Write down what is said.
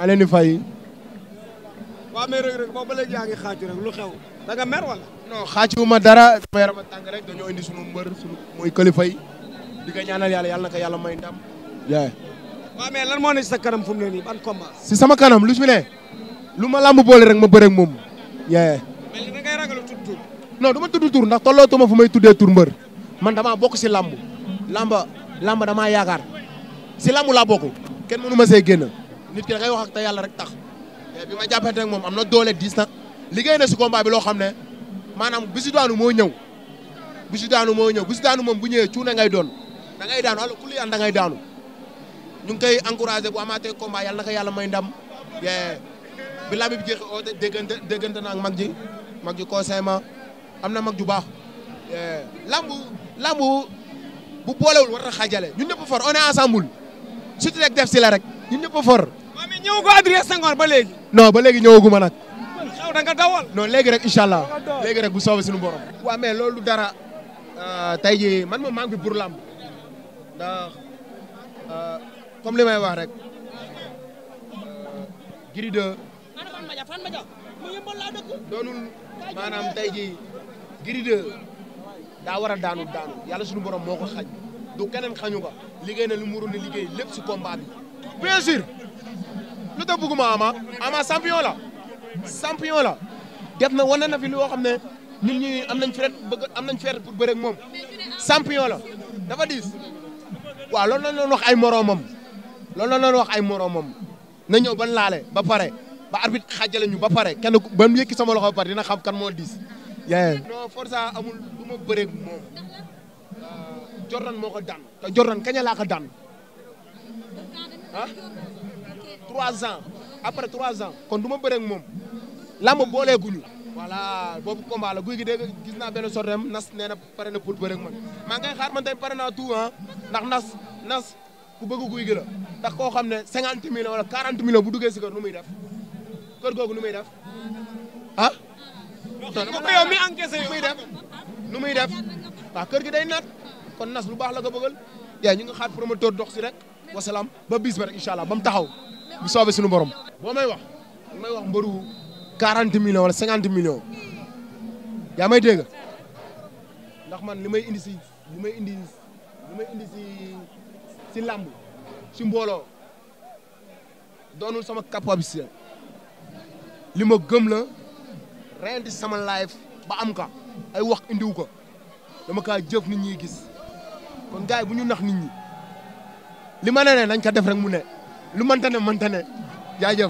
maa leen di fay. waaw mais Reug Reug boobu ba léegi yaa ngi xaaju rek lu xew da nga mer wala. non xaaju ma dara sama yaram a tàng dañoo indi sunu mbër sunu mooy kilifa yi di ko ñaanal yàlla yàlla na ko yàlla may ndam. jaay. waaw mais lan moo ne sa kanam fu mu ne nii ban combat. si sama kanam lu si ne lu ma làmb boole rek ma bëre ak moom. jaay. mais tudd tur. du ma tudd tur ndax tollootuma fu may tuddee tur mbër man damaa bokk si làmb làmb làmb damaa yaakaar si làmb laa bokk ma see nit ki da ngay wax ak yàlla rek tax te bi ma jàppante ak moom am na doole diis na liggéey na si combat bi loo xam ne maanaam bisu daanu moo ñëw bisu daanu moo ñëw bisu daanu moom bu ñëwee cuune ngay doon da ngay daanu wala ku li an da ngay daanu ñu ngi koy encouragé bu amaatee combat yàlla na ko yàlla may ndam bi bi jeexee oote oh, déggante déggante naa ak mag ji mag ji conseil ma am na mag ju baax lambu lambu bu boolewul war a xaajale ñun ñëpp for on est ensemble surtout rek def si la rek ñun ñëpp for ñëw ko Adrien Senghor ba léegi. non ba léegi ñëwaguma nag. yow da nga dawal. non léegi rek incha allah léegi rek bu soobee suñu borom. waaw mais loolu dara euh, tey jii man moom maa ngi fi pour làmb ndax euh, comme li may wax rek. Euh, Gris 2. doonul jii Gris daa war daanu daanu yàlla suñu borom moo ko xañ keneen xañu ko liggéey na lu mu waroon a liggéey lépp si bien sûr. lu tax bëgguma ama ama champion la champion la def na wane na fi loo xam ne ñun ñi am nañ fret bëgg am nañ fret pour bëre moom champion la dafa diis waaw loolu lañ doon wax ay moroomam loolu lañ doon wax ay moroomam na ñëw ban laale ba pare ba arbitre xaajale ñu ba pare kenn ba mu yëkki sama loxo ba pare dina xam kan moo diis yee non força amul du ma bëre ak moom Jordan moo ka daan te Jordan kañ laa ko daan ah trois ans après trois ans kon du ma bëreeg moom làmb booleeguñu voilà boobu combat la guy gi dégg gis naa benn sortem nas nee na pare na pour bëreeg man maa ngay xaar ma na pare na tout ah ndax nas nas ku bëgg guy gi la ndax koo xam ne cinquante millions wala quarante millions bu duggee si kër nu muy def kër googu nu muy def ah ko yow mi encaissé nu muy def nu muy def waaw kër gi day naat kon nas lu baax la ko bëggal yaa ñu nga xaar promoteur dox si rek wasalaam ba bis ba ba mu taxaw bu soobee suñu borom. boo may wax may wax mbëru 40 millions wala 50 millions yaa may dégg ndax man li may indi si li may indi li may indi si si làmb si mbooloo doonul sama capacité li ma gëm la reyandi sama life ba am ka ay wax indiw ko dama kaa jëf nit ñi gis kon gars bu ñu nax nit ñi li ma ne nañ ko def rek mu ne. lu mënta ne mënta ne